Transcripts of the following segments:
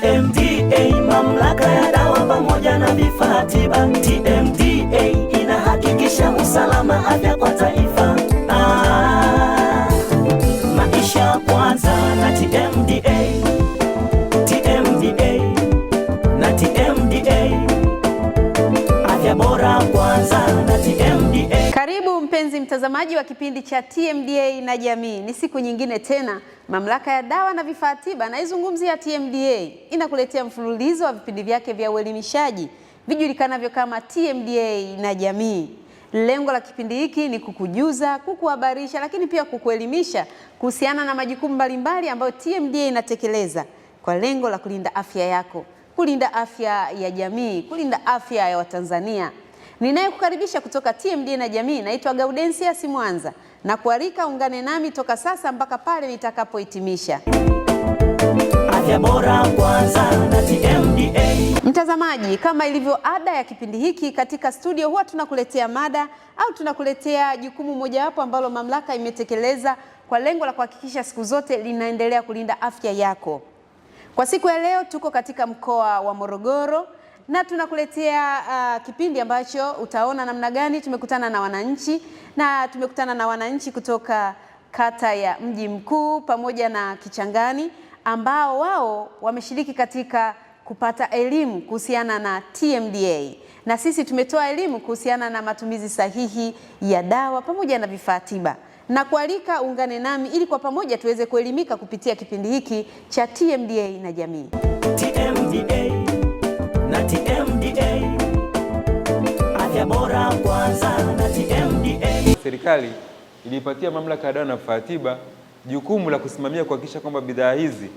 TMDA, mamlaka ya dawa pamoja na vifaa tiba. Mtazamaji wa kipindi cha TMDA na jamii, ni siku nyingine tena, mamlaka ya dawa na vifaa tiba naizungumzia TMDA inakuletea mfululizo wa vipindi vyake vya uelimishaji vijulikanavyo kama TMDA na jamii. Lengo la kipindi hiki ni kukujuza, kukuhabarisha, lakini pia kukuelimisha kuhusiana na majukumu mbalimbali ambayo TMDA inatekeleza kwa lengo la kulinda afya yako, kulinda afya ya jamii, kulinda afya ya Watanzania. Ninayekukaribisha kutoka TMD na jamii naitwa Gaudensia Simwanza na kualika ungane nami toka sasa mpaka pale nitakapohitimisha. Afya bora kwanza na TMDA. Mtazamaji, kama ilivyo ada ya kipindi hiki, katika studio huwa tunakuletea mada au tunakuletea jukumu mojawapo ambalo mamlaka imetekeleza kwa lengo la kuhakikisha siku zote linaendelea kulinda afya yako. Kwa siku ya leo tuko katika mkoa wa Morogoro na tunakuletea uh, kipindi ambacho utaona namna gani tumekutana na wananchi na tumekutana na wananchi kutoka kata ya Mji Mkuu pamoja na Kichangani ambao wao wameshiriki katika kupata elimu kuhusiana na TMDA na sisi tumetoa elimu kuhusiana na matumizi sahihi ya dawa pamoja na vifaa tiba na kualika uungane nami ili kwa pamoja tuweze kuelimika kupitia kipindi hiki cha TMDA na jamii TMDA na TMDA. Afya bora kwanza na TMDA. Serikali iliipatia mamlaka ya dawa na vifaa tiba jukumu la kusimamia kuhakikisha kwamba bidhaa hizi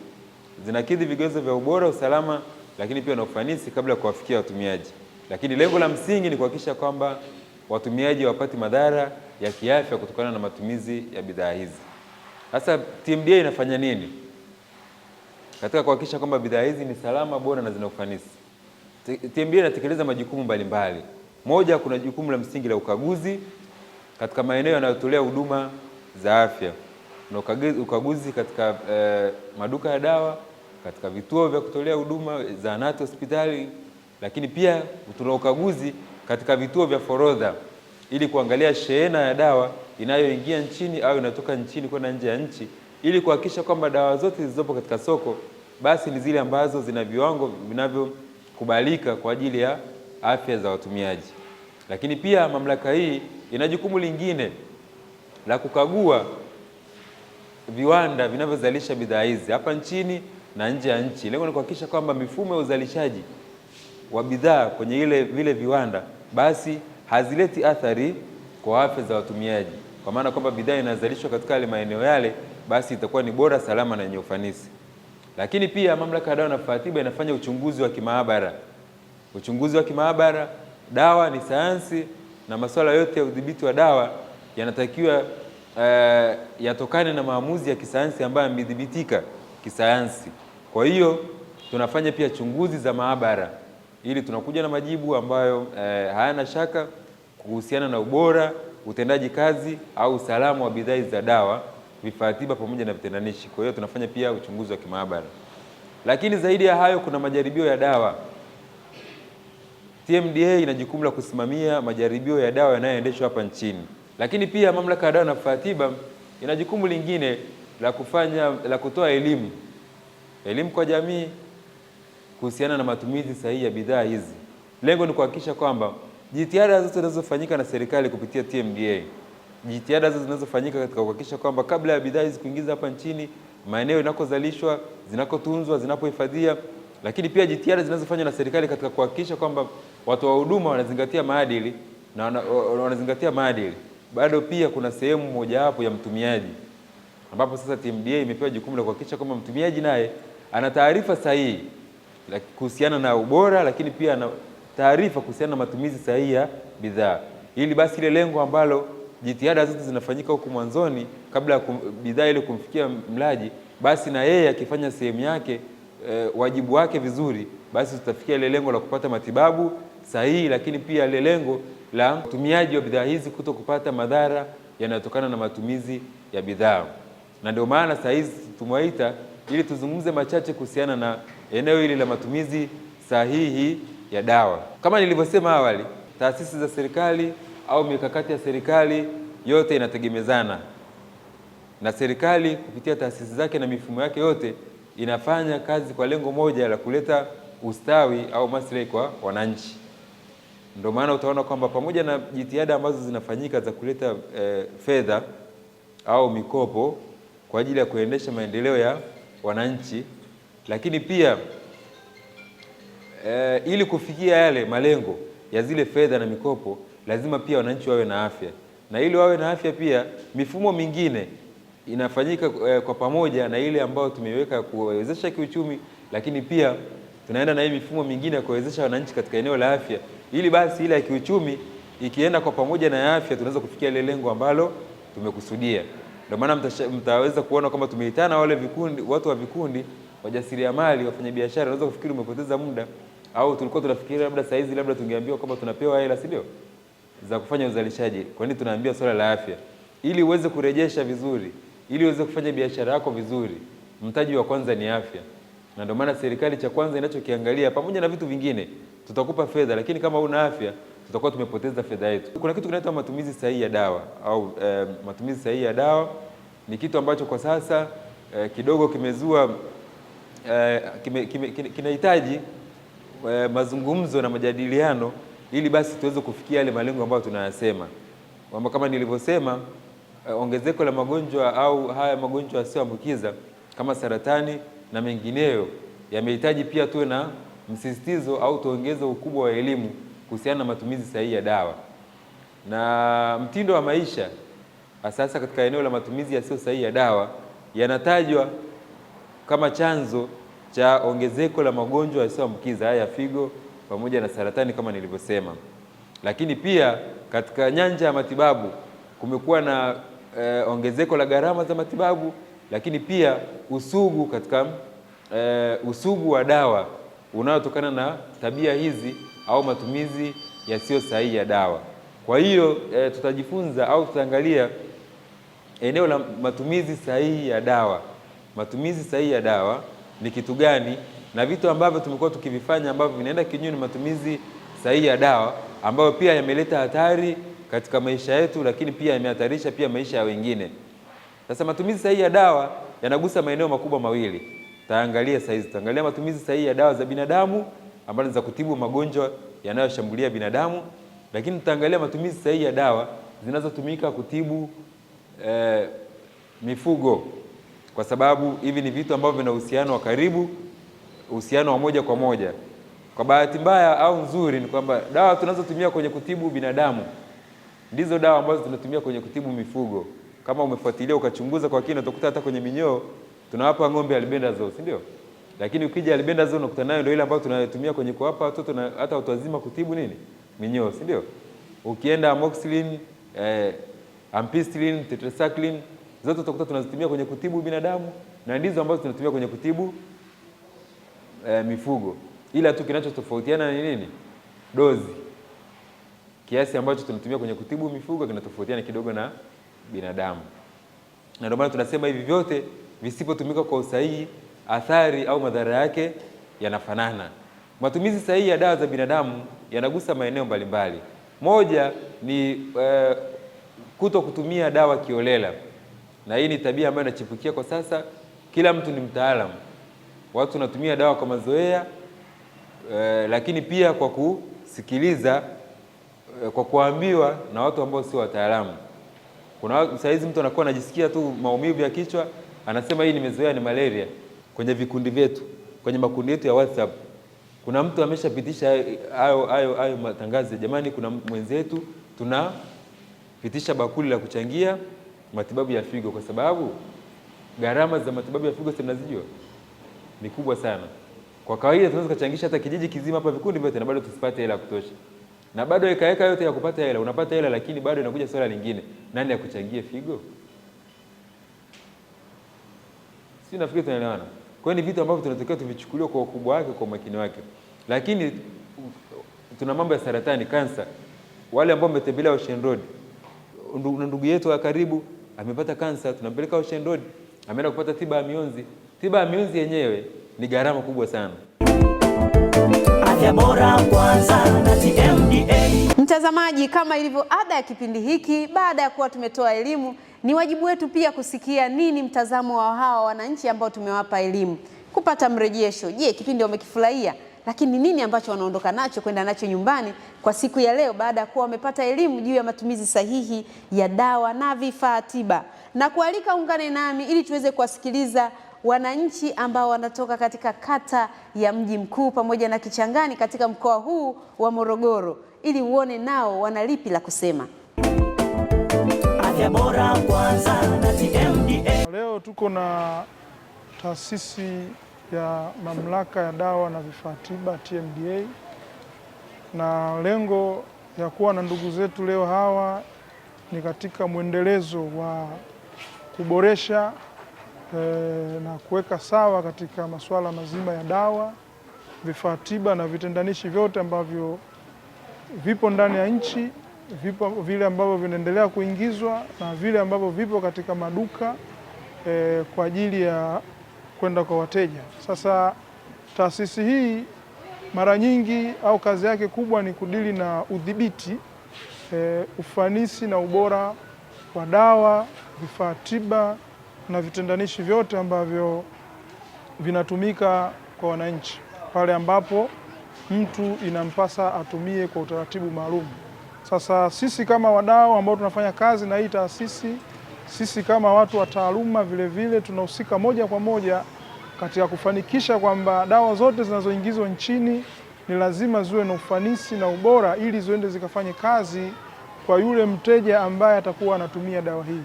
zinakidhi vigezo vya ubora, usalama, lakini pia na ufanisi kabla ya kuwafikia watumiaji. Lakini lengo la msingi ni kuhakikisha kwamba watumiaji wapati madhara ya kiafya kutokana na matumizi ya bidhaa hizi. Sasa TMDA inafanya nini katika kuhakikisha kwamba bidhaa hizi ni salama, bora na zina ufanisi? TMDA inatekeleza majukumu mbalimbali. Moja, kuna jukumu la msingi la ukaguzi katika maeneo yanayotolea huduma za afya na ukaguzi katika eh, maduka ya dawa, katika vituo vya kutolea huduma, zahanati, hospitali, lakini pia tuna ukaguzi katika vituo vya forodha ili kuangalia shehena ya dawa inayoingia nchini au inatoka nchini kwenda nje ya nchi ili kuhakikisha kwamba dawa zote zilizopo katika soko basi ni zile ambazo zina viwango vinavyo kubalika kwa ajili ya afya za watumiaji. Lakini pia mamlaka hii ina jukumu lingine la kukagua viwanda vinavyozalisha bidhaa hizi hapa nchini na nje ya nchi. Lengo ni kuhakikisha kwamba mifumo ya uzalishaji wa bidhaa kwenye ile vile viwanda basi hazileti athari kwa afya za watumiaji, kwa maana kwamba bidhaa inazalishwa katika yale maeneo yale, basi itakuwa ni bora, salama na yenye ufanisi. Lakini pia mamlaka ya dawa na vifaa tiba inafanya uchunguzi wa kimaabara. Uchunguzi wa kimaabara, dawa ni sayansi na masuala yote ya udhibiti wa dawa yanatakiwa uh, yatokane na maamuzi ya kisayansi ambayo yamedhibitika kisayansi. Kwa hiyo tunafanya pia chunguzi za maabara ili tunakuja na majibu ambayo eh, hayana shaka kuhusiana na ubora, utendaji kazi au usalama wa bidhaa za dawa vifaa tiba pamoja na vitendanishi. Kwa hiyo tunafanya pia uchunguzi wa kimaabara, lakini zaidi ya hayo kuna majaribio ya dawa. TMDA ina jukumu la kusimamia majaribio ya dawa yanayoendeshwa hapa nchini, lakini pia mamlaka ya dawa na vifaa tiba ina jukumu lingine la kufanya la kutoa elimu elimu kwa jamii kuhusiana na matumizi sahihi ya bidhaa hizi. Lengo ni kuhakikisha kwamba jitihada zote zinazofanyika na serikali kupitia TMDA jitihada zinazofanyika katika kuhakikisha kwamba kabla ya bidhaa hizi kuingiza hapa nchini, maeneo inakozalishwa, zinakotunzwa, zinapohifadhia, lakini pia jitihada zinazofanywa na serikali katika kuhakikisha kwamba watu wa huduma wanazingatia maadili na wanazingatia maadili. Bado pia kuna sehemu mojawapo ya mtumiaji, ambapo sasa TMDA imepewa jukumu la kuhakikisha kwamba mtumiaji naye ana taarifa sahihi kuhusiana na ubora, lakini pia ana taarifa kuhusiana na matumizi sahihi ya bidhaa, ili basi ile lengo ambalo jitihada zote zinafanyika huku mwanzoni kabla ya bidhaa ile kumfikia mlaji, basi na yeye akifanya sehemu yake e, wajibu wake vizuri, basi tutafikia ile lengo la kupata matibabu sahihi, lakini pia ile lengo la mtumiaji wa bidhaa hizi kuto kupata madhara yanayotokana na matumizi ya bidhaa. Na ndio maana saa hizi tumewaita ili tuzungumze machache kuhusiana na eneo hili la matumizi sahihi ya dawa. Kama nilivyosema awali, taasisi za serikali au mikakati ya serikali yote inategemezana, na serikali kupitia taasisi zake na mifumo yake yote inafanya kazi kwa lengo moja la kuleta ustawi au maslahi kwa wananchi. Ndio maana utaona kwamba pamoja na jitihada ambazo zinafanyika za kuleta e, fedha au mikopo kwa ajili ya kuendesha maendeleo ya wananchi, lakini pia e, ili kufikia yale malengo ya zile fedha na mikopo lazima pia wananchi wawe na afya, na ili wawe na afya pia mifumo mingine inafanyika eh, kwa pamoja na ile ambayo tumeiweka kuwezesha kiuchumi, lakini pia tunaenda na hii mifumo mingine ya kuwezesha wananchi katika eneo la afya, ili basi ile ya kiuchumi ikienda kwa pamoja na afya tunaweza kufikia ile lengo ambalo tumekusudia. Ndio maana mtaweza kuona kama tumeitana wale vikundi, watu wa vikundi, wajasiriamali, wafanyabiashara. Unaweza kufikiri umepoteza muda au tulikuwa tunafikiria labda saizi labda tungeambiwa kama tunapewa hela, si ndio? za kufanya uzalishaji, nini tunaambia swala la afya, ili uweze kurejesha vizuri, ili uweze kufanya biashara yako vizuri, mtaji wa kwanza ni afya. Na ndio maana serikali cha kwanza inachokiangalia pamoja na vitu vingine, tutakupa fedha, lakini kama una afya tutakuwa tumepoteza fedha yetu. Kuna kitu kinaitwa matumizi sahihi ya dawa au eh, matumizi sahihi ya dawa ni kitu ambacho kwa sasa eh, kidogo kimezua eh, kinahitaji kime, kime, eh, mazungumzo na majadiliano ili basi tuweze kufikia yale malengo ambayo tunayasema, kwamba kama nilivyosema, eh, ongezeko la magonjwa au haya magonjwa yasiyoambukiza kama saratani na mengineyo yamehitaji pia tuwe na msisitizo au tuongeze ukubwa wa elimu kuhusiana na matumizi sahihi ya dawa na mtindo wa maisha. Sasa katika eneo la matumizi yasiyo sahihi ya dawa yanatajwa kama chanzo cha ongezeko la magonjwa yasiyoambukiza haya ya figo pamoja na saratani kama nilivyosema. Lakini pia katika nyanja ya matibabu kumekuwa na e, ongezeko la gharama za matibabu, lakini pia usugu katika e, usugu wa dawa unaotokana na tabia hizi au matumizi yasiyo sahihi ya dawa. Kwa hiyo e, tutajifunza au tutaangalia eneo la matumizi sahihi ya dawa. Matumizi sahihi ya dawa ni kitu gani? na vitu ambavyo tumekuwa tukivifanya ambavyo vinaenda kinyume na matumizi sahihi ya dawa ambayo pia yameleta hatari katika maisha yetu, lakini pia yamehatarisha pia maisha ya wengine. Sasa matumizi sahihi ya dawa yanagusa maeneo makubwa mawili, taangalia saizi, tutaangalia matumizi sahihi ya dawa za binadamu ambazo za kutibu magonjwa yanayoshambulia binadamu, lakini tutaangalia matumizi sahihi ya dawa zinazotumika kutibu eh, mifugo, kwa sababu hivi ni vitu ambavyo vina uhusiano wa karibu uhusiano wa moja kwa moja. Kwa bahati mbaya au nzuri, ni kwamba dawa tunazotumia kwenye kutibu binadamu ndizo dawa ambazo tunatumia kwenye kutibu mifugo. Kama umefuatilia ukachunguza kwa kina, utakuta hata kwenye minyoo tunawapa ng'ombe albendazole, si ndio? Lakini ukija albendazole unakuta nayo ndio ile ambayo tunayotumia kwenye kuwapa watoto na hata watu wazima kutibu nini minyoo, si ndio? Ukienda amoxicillin, eh, ampicillin, tetracycline zote utakuta tunazitumia kwenye kutibu binadamu na ndizo ambazo tunatumia kwenye kutibu e, mifugo, ila tu kinachotofautiana ni nini? Dozi, kiasi ambacho tunatumia kwenye kutibu mifugo kinatofautiana kidogo na binadamu, na ndio maana tunasema hivi vyote visipotumika kwa usahihi, athari au madhara yake yanafanana. Matumizi sahihi ya dawa za binadamu yanagusa maeneo mbalimbali. Moja ni e, kuto kutumia dawa kiolela, na hii ni tabia ambayo inachipukia kwa sasa. Kila mtu ni mtaalamu watu wanatumia dawa kwa mazoea e, lakini pia kwa kusikiliza e, kwa kuambiwa na watu ambao sio wataalamu. Kuna hizi mtu anakuwa anajisikia tu maumivu ya kichwa, anasema hii nimezoea, ni malaria. Kwenye vikundi vyetu, kwenye makundi yetu ya WhatsApp kuna mtu ameshapitisha hayo hayo hayo matangazo. Jamani, kuna mwenzetu tunapitisha bakuli la kuchangia matibabu ya figo, kwa sababu gharama za matibabu ya figo tunazijua ni kubwa sana. Kwa kawaida tunaweza kuchangisha hata kijiji kizima hapa vikundi vyote na bado tusipate hela ya kutosha. Na bado eka eka yote ya kupata hela, unapata hela lakini bado inakuja swala lingine. Nani akuchangie figo? Si nafikiri tunaelewana. Kwa ni vitu ambavyo tunatakiwa tuvichukulie kwa ukubwa wake, kwa umakini wake. Lakini tuna mambo ya saratani, kansa. Wale ambao wametembelea Ocean Road, ndugu yetu wa karibu amepata kansa, tunampeleka Ocean Road, ameenda kupata tiba ya mionzi tiba ya mionzi yenyewe ni gharama kubwa sana. Afya bora kwanza na TMDA. Mtazamaji, kama ilivyo ada ya kipindi hiki, baada ya kuwa tumetoa elimu, ni wajibu wetu pia kusikia nini mtazamo wa hawa wananchi ambao tumewapa elimu, kupata mrejesho. Je, kipindi wamekifurahia? Lakini nini ambacho wanaondoka nacho kwenda nacho nyumbani kwa siku ya leo, baada ya kuwa wamepata elimu juu ya matumizi sahihi ya dawa na vifaa tiba, na kualika ungane nami ili tuweze kuwasikiliza wananchi ambao wanatoka katika kata ya Mji Mkuu pamoja na Kichangani katika mkoa huu wa Morogoro ili uone nao wana lipi la kusema. Afya bora kwanza na TMDA. Leo tuko na taasisi ya Mamlaka ya Dawa na Vifaa Tiba TMDA, na lengo ya kuwa na ndugu zetu leo hawa ni katika mwendelezo wa kuboresha e, na kuweka sawa katika masuala mazima ya dawa, vifaa tiba na vitendanishi vyote ambavyo vipo ndani ya nchi, vipo vile ambavyo vinaendelea kuingizwa na vile ambavyo vipo katika maduka e, kwa ajili ya kwenda kwa wateja. Sasa taasisi hii mara nyingi au kazi yake kubwa ni kudili na udhibiti e, ufanisi na ubora wa dawa, vifaa tiba na vitendanishi vyote ambavyo vinatumika kwa wananchi pale ambapo mtu inampasa atumie kwa utaratibu maalum. Sasa sisi kama wadau ambao tunafanya kazi na hii taasisi, sisi kama watu wa taaluma vile vile tunahusika moja kwa moja katika kufanikisha kwamba dawa zote zinazoingizwa nchini ni lazima ziwe na ufanisi na ubora ili ziende zikafanye kazi kwa yule mteja ambaye atakuwa anatumia dawa hii.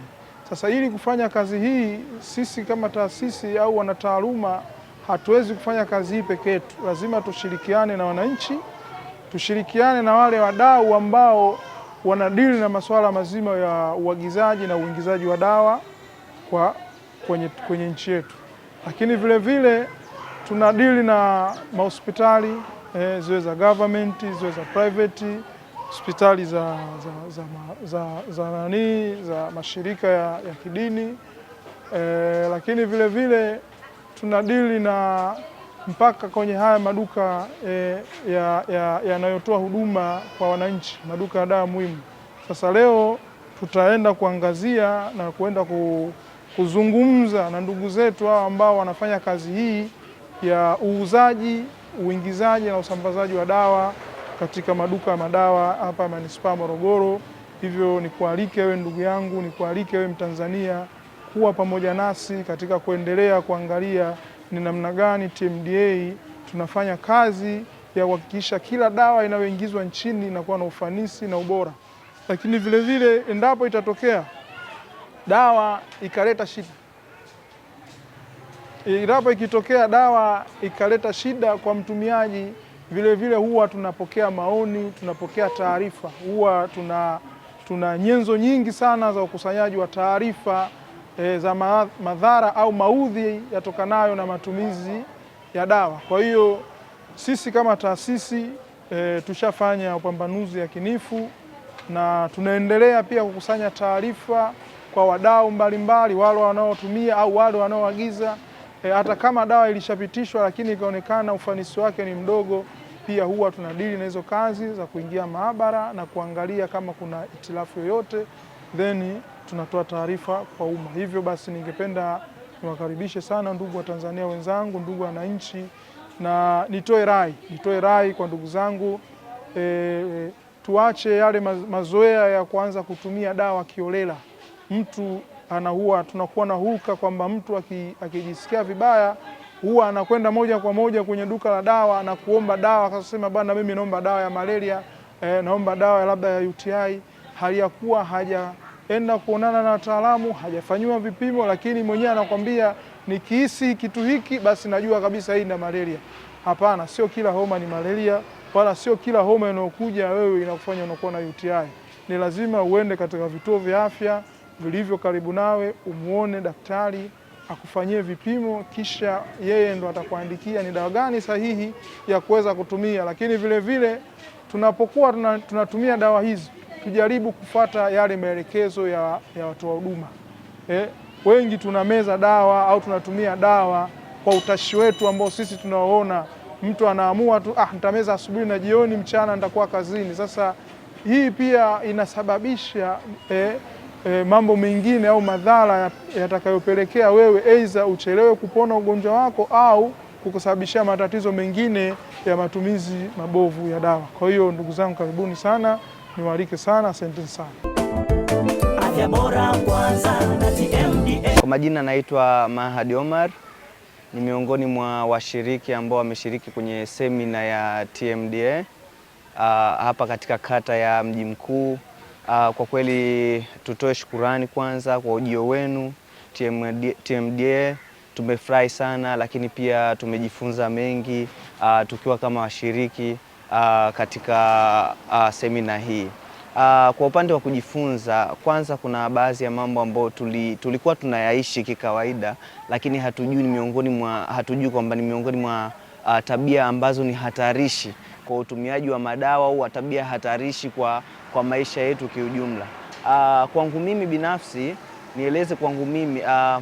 Sasa ili kufanya kazi hii, sisi kama taasisi au wanataaluma hatuwezi kufanya kazi hii peke yetu, lazima tushirikiane na wananchi, tushirikiane na wale wadau ambao wanadili na masuala mazima ya uagizaji na uingizaji wa dawa kwa kwenye, kwenye nchi yetu, lakini vile vile tunadili na mahospitali eh, ziwe za government ziwe za private hospitali za, za, za, za, za, za nani za mashirika ya, ya kidini e, lakini vile vile dili na mpaka kwenye haya maduka e, yanayotoa ya, ya huduma kwa wananchi, maduka ya dawa muhimu. Sasa leo tutaenda kuangazia na kuenda kuzungumza na ndugu zetu hao ambao wanafanya kazi hii ya uuzaji, uingizaji na usambazaji wa dawa katika maduka ya madawa hapa manispaa Morogoro. Hivyo nikualike wewe ndugu yangu, nikualike wewe Mtanzania kuwa pamoja nasi katika kuendelea kuangalia ni namna gani TMDA tunafanya kazi ya kuhakikisha kila dawa inayoingizwa nchini inakuwa na ufanisi na ubora. Lakini vile vile, endapo itatokea dawa ikaleta shida, endapo ikitokea dawa ikaleta shida kwa mtumiaji vile vile huwa tunapokea maoni, tunapokea taarifa, huwa tuna, tuna nyenzo nyingi sana za ukusanyaji wa taarifa e, za madhara au maudhi yatokanayo na matumizi ya dawa. Kwa hiyo sisi kama taasisi e, tushafanya upambanuzi yakinifu na tunaendelea pia kukusanya taarifa kwa wadau mbalimbali, wale wanaotumia au wale wanaoagiza e, hata kama dawa ilishapitishwa lakini ikaonekana ufanisi wake ni mdogo, pia huwa tunadili na hizo kazi za kuingia maabara na kuangalia kama kuna itilafu yoyote, then tunatoa taarifa kwa umma. Hivyo basi, ningependa niwakaribishe sana ndugu wa Tanzania wenzangu, ndugu wananchi, na nitoe rai nitoe rai kwa ndugu zangu e, tuache yale mazoea ya kuanza kutumia dawa kiolela mtu anahua, tunakuwa na hulka kwamba mtu akijisikia vibaya huwa anakwenda moja kwa moja kwenye duka la dawa na kuomba dawa, akasema bana, mimi naomba dawa ya malaria e, naomba dawa labda ya UTI, hali ya kuwa hajaenda kuonana na wataalamu, hajafanyiwa vipimo, lakini mwenyewe anakwambia nikihisi kitu hiki basi najua kabisa hii ndio malaria. Hapana, sio kila homa ni malaria, wala sio kila homa inayokuja wewe inakufanya unakuwa na UTI. Ni lazima uende katika vituo vya afya vilivyo karibu nawe, umuone daktari akufanyie vipimo, kisha yeye ndo atakuandikia ni dawa gani sahihi ya kuweza kutumia. Lakini vile vile tunapokuwa tunatumia dawa hizi tujaribu kufata yale maelekezo ya, ya wa huduma eh. Wengi tunameza dawa au tunatumia dawa kwa utashi wetu ambao sisi tunaoona. Mtu anaamua tu ah, nitameza asubuhi na jioni, mchana nitakuwa kazini. Sasa hii pia inasababisha eh, e, mambo mengine au madhara yatakayopelekea wewe aidha uchelewe kupona ugonjwa wako au kukusababishia matatizo mengine ya matumizi mabovu ya dawa. Kwa hiyo ndugu zangu, karibuni sana, niwaalike sana, asanteni sana. Afya bora kwanza na TMDA. Kwa majina naitwa Mahadi Omar, ni miongoni mwa washiriki ambao wameshiriki kwenye semina ya TMDA uh, ah, hapa katika kata ya Mji Mkuu Uh, kwa kweli tutoe shukurani kwanza kwa ujio wenu TMDA, tumefurahi sana lakini pia tumejifunza mengi uh, tukiwa kama washiriki uh, katika uh, semina hii. Uh, kwa upande wa kujifunza kwanza, kuna baadhi ya mambo ambayo tuli, tulikuwa tunayaishi kikawaida, lakini hatujui ni miongoni mwa hatujui kwamba ni miongoni mwa uh, tabia ambazo ni hatarishi kwa utumiaji wa madawa au tabia hatarishi kwa kwa maisha yetu kiujumla. Uh, kwangu mimi binafsi nieleze kwangu mimi uh,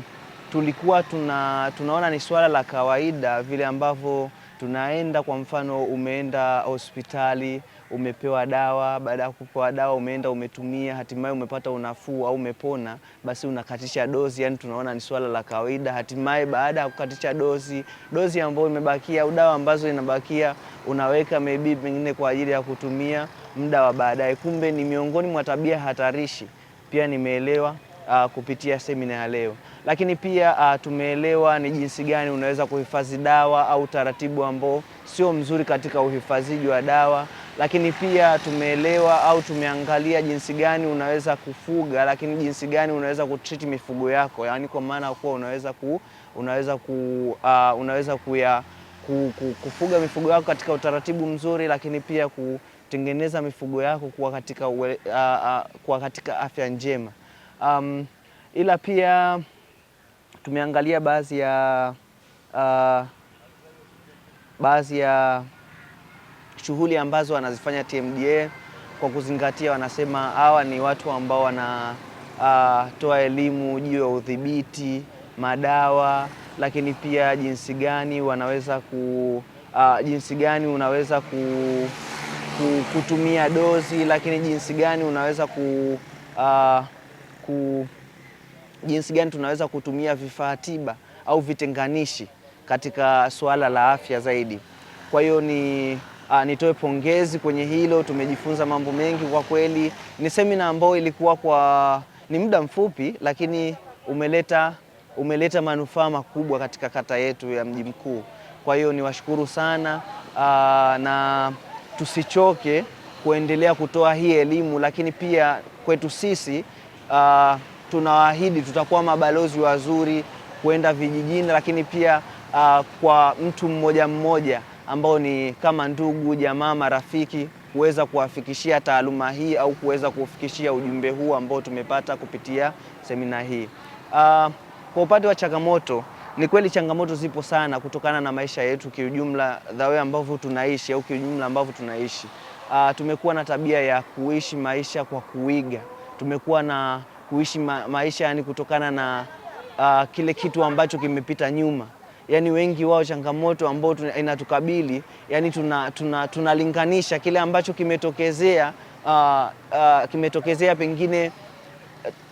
tulikuwa tuna, tunaona ni swala la kawaida vile ambavyo tunaenda, kwa mfano umeenda hospitali umepewa dawa, baada ya kupewa dawa umeenda umetumia, hatimaye umepata unafuu au umepona, basi unakatisha dozi. Yani tunaona ni swala la kawaida. Hatimaye baada ya kukatisha dozi, dozi ambayo imebakia au dawa ambazo inabakia unaweka maybe pengine kwa ajili ya kutumia muda wa baadaye. Kumbe ni miongoni mwa tabia hatarishi, pia nimeelewa Uh, kupitia semina ya leo lakini pia uh, tumeelewa ni jinsi gani unaweza kuhifadhi dawa au taratibu ambao sio mzuri katika uhifadhiji wa dawa lakini pia tumeelewa au tumeangalia jinsi gani unaweza kufuga, lakini jinsi gani unaweza kutreat mifugo yako, yaani kwa maana ya kuwa unaweza ku, unaweza ku, uh, unaweza kuya ku, ku, kufuga mifugo yako katika utaratibu mzuri, lakini pia kutengeneza mifugo yako kuwa katika, uh, uh, kuwa katika afya njema um, ila pia tumeangalia baadhi ya uh, baadhi ya shughuli ambazo wanazifanya TMDA kwa kuzingatia, wanasema hawa ni watu ambao wanatoa ah, uh, elimu juu ya udhibiti madawa, lakini pia jinsi gani wanaweza ku uh, jinsi gani unaweza ku, ku, kutumia dozi, lakini jinsi gani unaweza ku, uh, ku jinsi gani tunaweza kutumia vifaa tiba au vitenganishi katika suala la afya zaidi. Kwa hiyo ni Uh, nitoe pongezi kwenye hilo, tumejifunza mambo mengi kwa kweli. Ni semina ambayo ilikuwa kwa ni muda mfupi, lakini umeleta umeleta manufaa makubwa katika kata yetu ya Mji Mkuu. Kwa hiyo niwashukuru sana uh, na tusichoke kuendelea kutoa hii elimu, lakini pia kwetu sisi uh, tunawaahidi tutakuwa mabalozi wazuri kwenda vijijini, lakini pia uh, kwa mtu mmoja mmoja ambao ni kama ndugu, jamaa, marafiki kuweza kuwafikishia taaluma hii au kuweza kufikishia ujumbe huu ambao tumepata kupitia semina hii. Uh, kwa upande wa changamoto ni kweli changamoto zipo sana kutokana na maisha yetu kiujumla, dhawe ambavyo tunaishi au kiujumla ambavyo tunaishi. Uh, tumekuwa na tabia ya kuishi maisha kwa kuiga, tumekuwa na kuishi ma maisha yani kutokana na uh, kile kitu ambacho kimepita nyuma yani wengi wao changamoto ambao inatukabili yani tunalinganisha tuna, tuna kile ambacho kimetokezea uh, uh, kimetokezea pengine eh,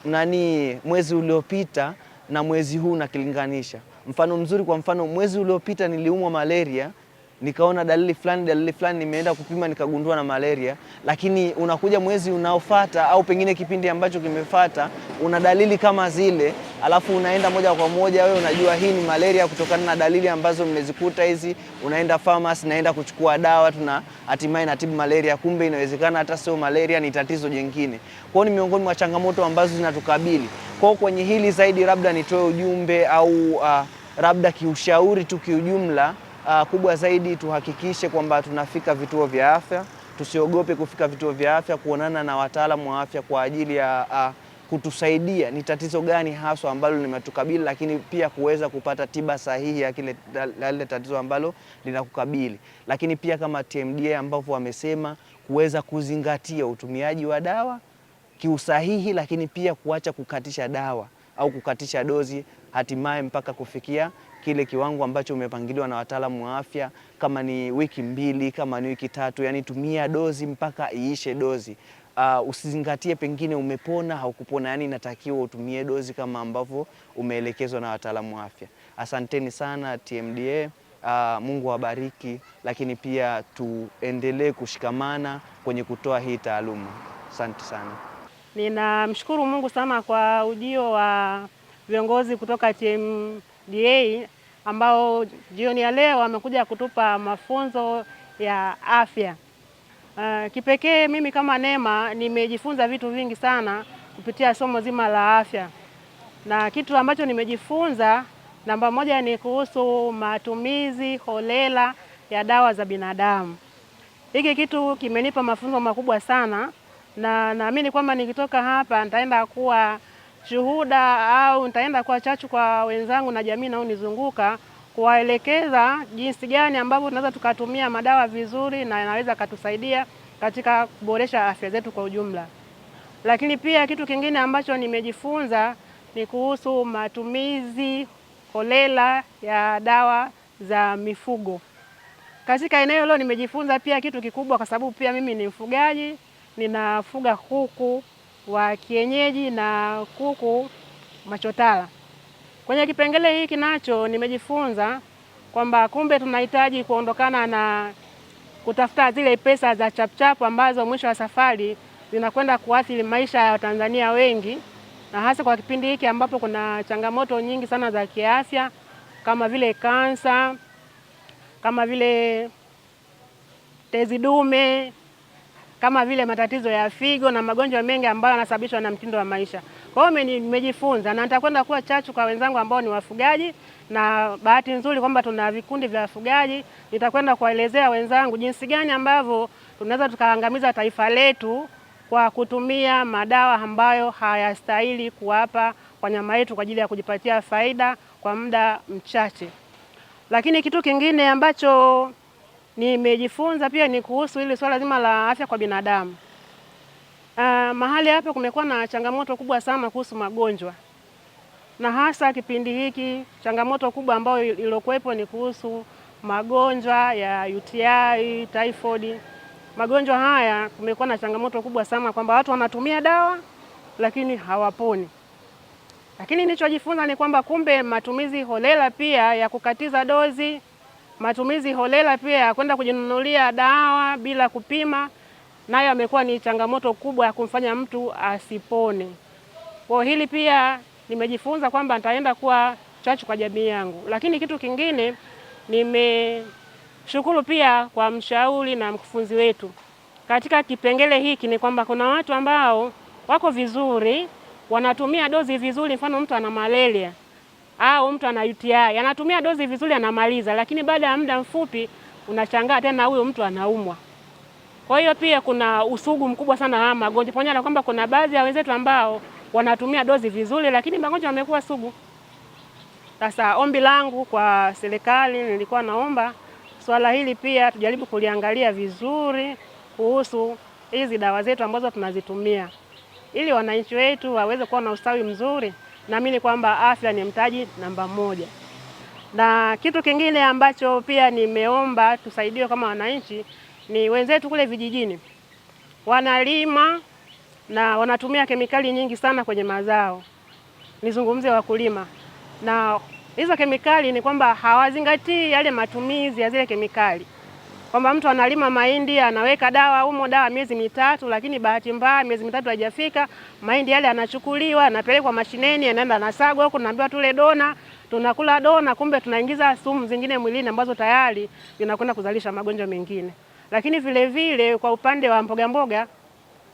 nani mwezi uliopita na mwezi huu nakilinganisha. Mfano mzuri, kwa mfano mwezi uliopita niliumwa malaria nikaona dalili fulani dalili fulani, nimeenda kupima nikagundua na malaria. Lakini unakuja mwezi unaofata au pengine kipindi ambacho kimefata, una dalili kama zile, alafu unaenda moja kwa moja, wewe unajua hii ni malaria kutokana na dalili ambazo mmezikuta hizi. Unaenda pharmacy, naenda kuchukua dawa, tuna hatimaye natibu malaria, kumbe inawezekana hata sio malaria, ni tatizo jingine. Kwao ni miongoni mwa changamoto ambazo zinatukabili. Kwao kwenye hili zaidi, labda nitoe ujumbe au uh, labda kiushauri tu kiujumla uh, kubwa zaidi tuhakikishe kwamba tunafika vituo vya afya, tusiogope kufika vituo vya afya kuonana na wataalamu wa afya kwa ajili ya uh, kutusaidia ni tatizo gani haswa ambalo limetukabili, lakini pia kuweza kupata tiba sahihi ya kile lile tatizo ambalo linakukabili. Lakini pia kama TMDA ambavyo wamesema, kuweza kuzingatia utumiaji wa dawa kiusahihi, lakini pia kuacha kukatisha dawa au kukatisha dozi hatimaye mpaka kufikia kile kiwango ambacho umepangiliwa na wataalamu wa afya, kama ni wiki mbili, kama ni wiki tatu, yani tumia dozi mpaka iishe dozi. Uh, usizingatie pengine umepona haukupona, yani inatakiwa utumie dozi kama ambavyo umeelekezwa na wataalamu wa afya. Asanteni sana TMDA. Uh, ah, Mungu awabariki, lakini pia tuendelee kushikamana kwenye kutoa hii taaluma. Asante sana. Ninamshukuru Mungu sana kwa ujio wa viongozi kutoka TM DA ambao jioni ya leo wamekuja kutupa mafunzo ya afya. Uh, kipekee mimi kama Neema nimejifunza vitu vingi sana kupitia somo zima la afya, na kitu ambacho nimejifunza namba moja ni kuhusu matumizi holela ya dawa za binadamu. Hiki kitu kimenipa mafunzo makubwa sana, na naamini kwamba nikitoka hapa nitaenda kuwa shuhuda au nitaenda kwa chachu kwa wenzangu na jamii nizunguka kuwaelekeza jinsi gani ambavyo tunaweza tukatumia madawa vizuri na yanaweza katusaidia katika kuboresha afya zetu kwa ujumla. Lakini pia kitu kingine ambacho nimejifunza ni kuhusu matumizi holela ya dawa za mifugo katika eneo hilo. Nimejifunza pia kitu kikubwa, kwa sababu pia mimi ni mfugaji, ninafuga kuku wa kienyeji na kuku machotara. Kwenye kipengele hiki nacho nimejifunza kwamba kumbe tunahitaji kuondokana na kutafuta zile pesa za chapchapu ambazo mwisho wa safari zinakwenda kuathiri maisha ya Watanzania wengi, na hasa kwa kipindi hiki ambapo kuna changamoto nyingi sana za kiafya kama vile kansa, kama vile tezi dume kama vile matatizo ya figo na magonjwa mengi ambayo yanasababishwa na mtindo wa maisha. Kwa hiyo nimejifunza na nitakwenda kuwa chachu kwa wenzangu ambao ni wafugaji, na bahati nzuri kwamba tuna vikundi vya wafugaji. Nitakwenda kuwaelezea wenzangu jinsi gani ambavyo tunaweza tukaangamiza taifa letu kwa kutumia madawa ambayo hayastahili kuwapa wanyama wetu kwa ajili ya kujipatia faida kwa muda mchache. Lakini kitu kingine ambacho nimejifunza pia ni kuhusu ile swala zima la afya kwa binadamu. Uh, mahali hapa kumekuwa na changamoto kubwa sana kuhusu magonjwa na hasa kipindi hiki, changamoto kubwa ambayo iliyokuwepo ni kuhusu magonjwa ya UTI, typhoid. Magonjwa haya kumekuwa na changamoto kubwa sana kwamba watu wanatumia dawa lakini hawaponi. Lakini nilichojifunza ni kwamba kumbe matumizi holela pia ya kukatiza dozi Matumizi holela pia ya kwenda kujinunulia dawa bila kupima, nayo amekuwa ni changamoto kubwa ya kumfanya mtu asipone. Kwa hili pia nimejifunza kwamba nitaenda kuwa chachu kwa jamii yangu, lakini kitu kingine nimeshukuru pia kwa mshauri na mkufunzi wetu katika kipengele hiki ni kwamba kuna watu ambao wako vizuri, wanatumia dozi vizuri. Mfano mtu ana malaria au mtu ana UTI anatumia dozi vizuri anamaliza, lakini baada ya muda mfupi unashangaa tena huyo mtu anaumwa. Kwa hiyo pia kuna usugu mkubwa sana wa magonjwa, pamoja na kwamba kuna baadhi ya wenzetu ambao wanatumia dozi vizuri, lakini magonjwa yamekuwa sugu. Sasa ombi langu kwa serikali, nilikuwa naomba swala hili pia tujaribu kuliangalia vizuri kuhusu hizi dawa zetu ambazo tunazitumia, ili wananchi wetu waweze kuwa na ustawi mzuri naamini kwamba afya ni mtaji namba moja. Na kitu kingine ambacho pia nimeomba tusaidiwe kama wananchi ni wenzetu kule vijijini wanalima na wanatumia kemikali nyingi sana kwenye mazao. Nizungumzie wakulima, na hizo kemikali ni kwamba hawazingatii yale matumizi ya zile kemikali kwamba mtu analima mahindi anaweka dawa humo, dawa miezi mitatu, lakini bahati mbaya miezi mitatu haijafika, mahindi yale anachukuliwa anapelekwa mashineni, anaenda anasagwa huko, tunaambiwa tule dona, tunakula dona, kumbe tunaingiza sumu zingine mwilini ambazo tayari zinakwenda kuzalisha magonjwa mengine. Lakini vile vile kwa upande wa mboga mboga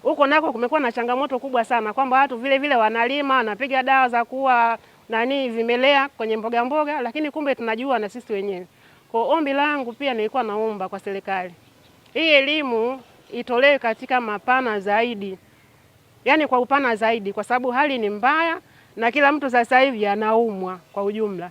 huko nako kumekuwa na changamoto kubwa sana, kwamba watu vile vile wanalima wanapiga dawa za kuua nani vimelea kwenye mboga mboga, lakini kumbe tunajua na sisi wenyewe kwa ombi langu pia nilikuwa naomba kwa serikali hii elimu itolewe katika mapana zaidi, yaani kwa upana zaidi, kwa sababu hali ni mbaya na kila mtu sasa hivi anaumwa kwa ujumla.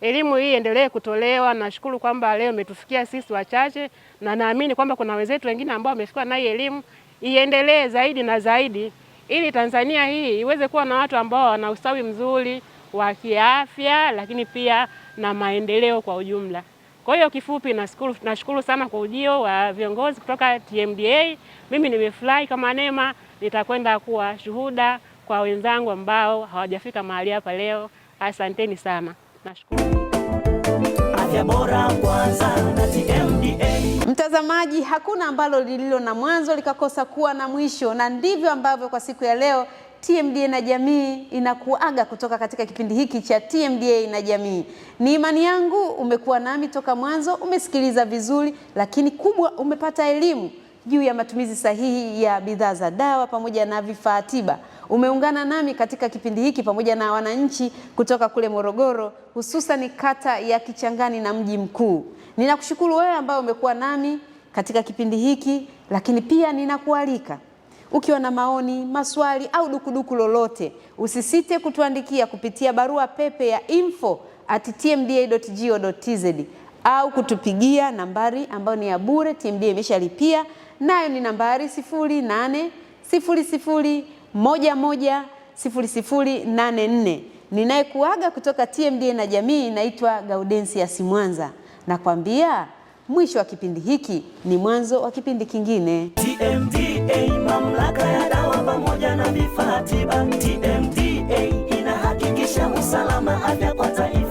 Elimu hii endelee kutolewa. Nashukuru kwamba leo imetufikia sisi wachache, na naamini kwamba kuna wenzetu wengine ambao wamefikiwa na hii elimu, iendelee zaidi na zaidi, ili Tanzania hii iweze kuwa na watu ambao wana ustawi mzuri wa kiafya, lakini pia na maendeleo kwa ujumla. Kwa hiyo kifupi, nashukuru nashukuru sana kwa ujio wa viongozi kutoka TMDA. Mimi nimefurahi kama Neema, nitakwenda kuwa shuhuda kwa wenzangu ambao hawajafika mahali hapa leo. Asanteni sana, nashukuru. Afya bora kwanza na TMDA. Mtazamaji, hakuna ambalo lililo na mwanzo likakosa kuwa na mwisho, na ndivyo ambavyo kwa siku ya leo TMDA na jamii inakuaga kutoka katika kipindi hiki cha TMDA na jamii. Ni imani yangu umekuwa nami toka mwanzo, umesikiliza vizuri, lakini kubwa umepata elimu juu ya matumizi sahihi ya bidhaa za dawa pamoja na vifaa tiba. Umeungana nami katika kipindi hiki pamoja na wananchi kutoka kule Morogoro, hususan kata ya Kichangani na mji mkuu. Ninakushukuru wewe ambaye umekuwa nami katika kipindi hiki, lakini pia ninakualika ukiwa na maoni, maswali au dukuduku lolote, usisite kutuandikia kupitia barua pepe ya info at tmda.go.tz au kutupigia nambari ambayo ni ya bure, TMDA imeshalipia nayo ni nambari 0800110084. Ninayekuaga kutoka TMDA na jamii inaitwa Gaudensia Simwanza, nakwambia mwisho wa kipindi hiki ni mwanzo wa kipindi kingine TMDA. TMDA, mamlaka ya dawa pamoja na vifaa tiba. TMDA inahakikisha usalama afya kwa taifa.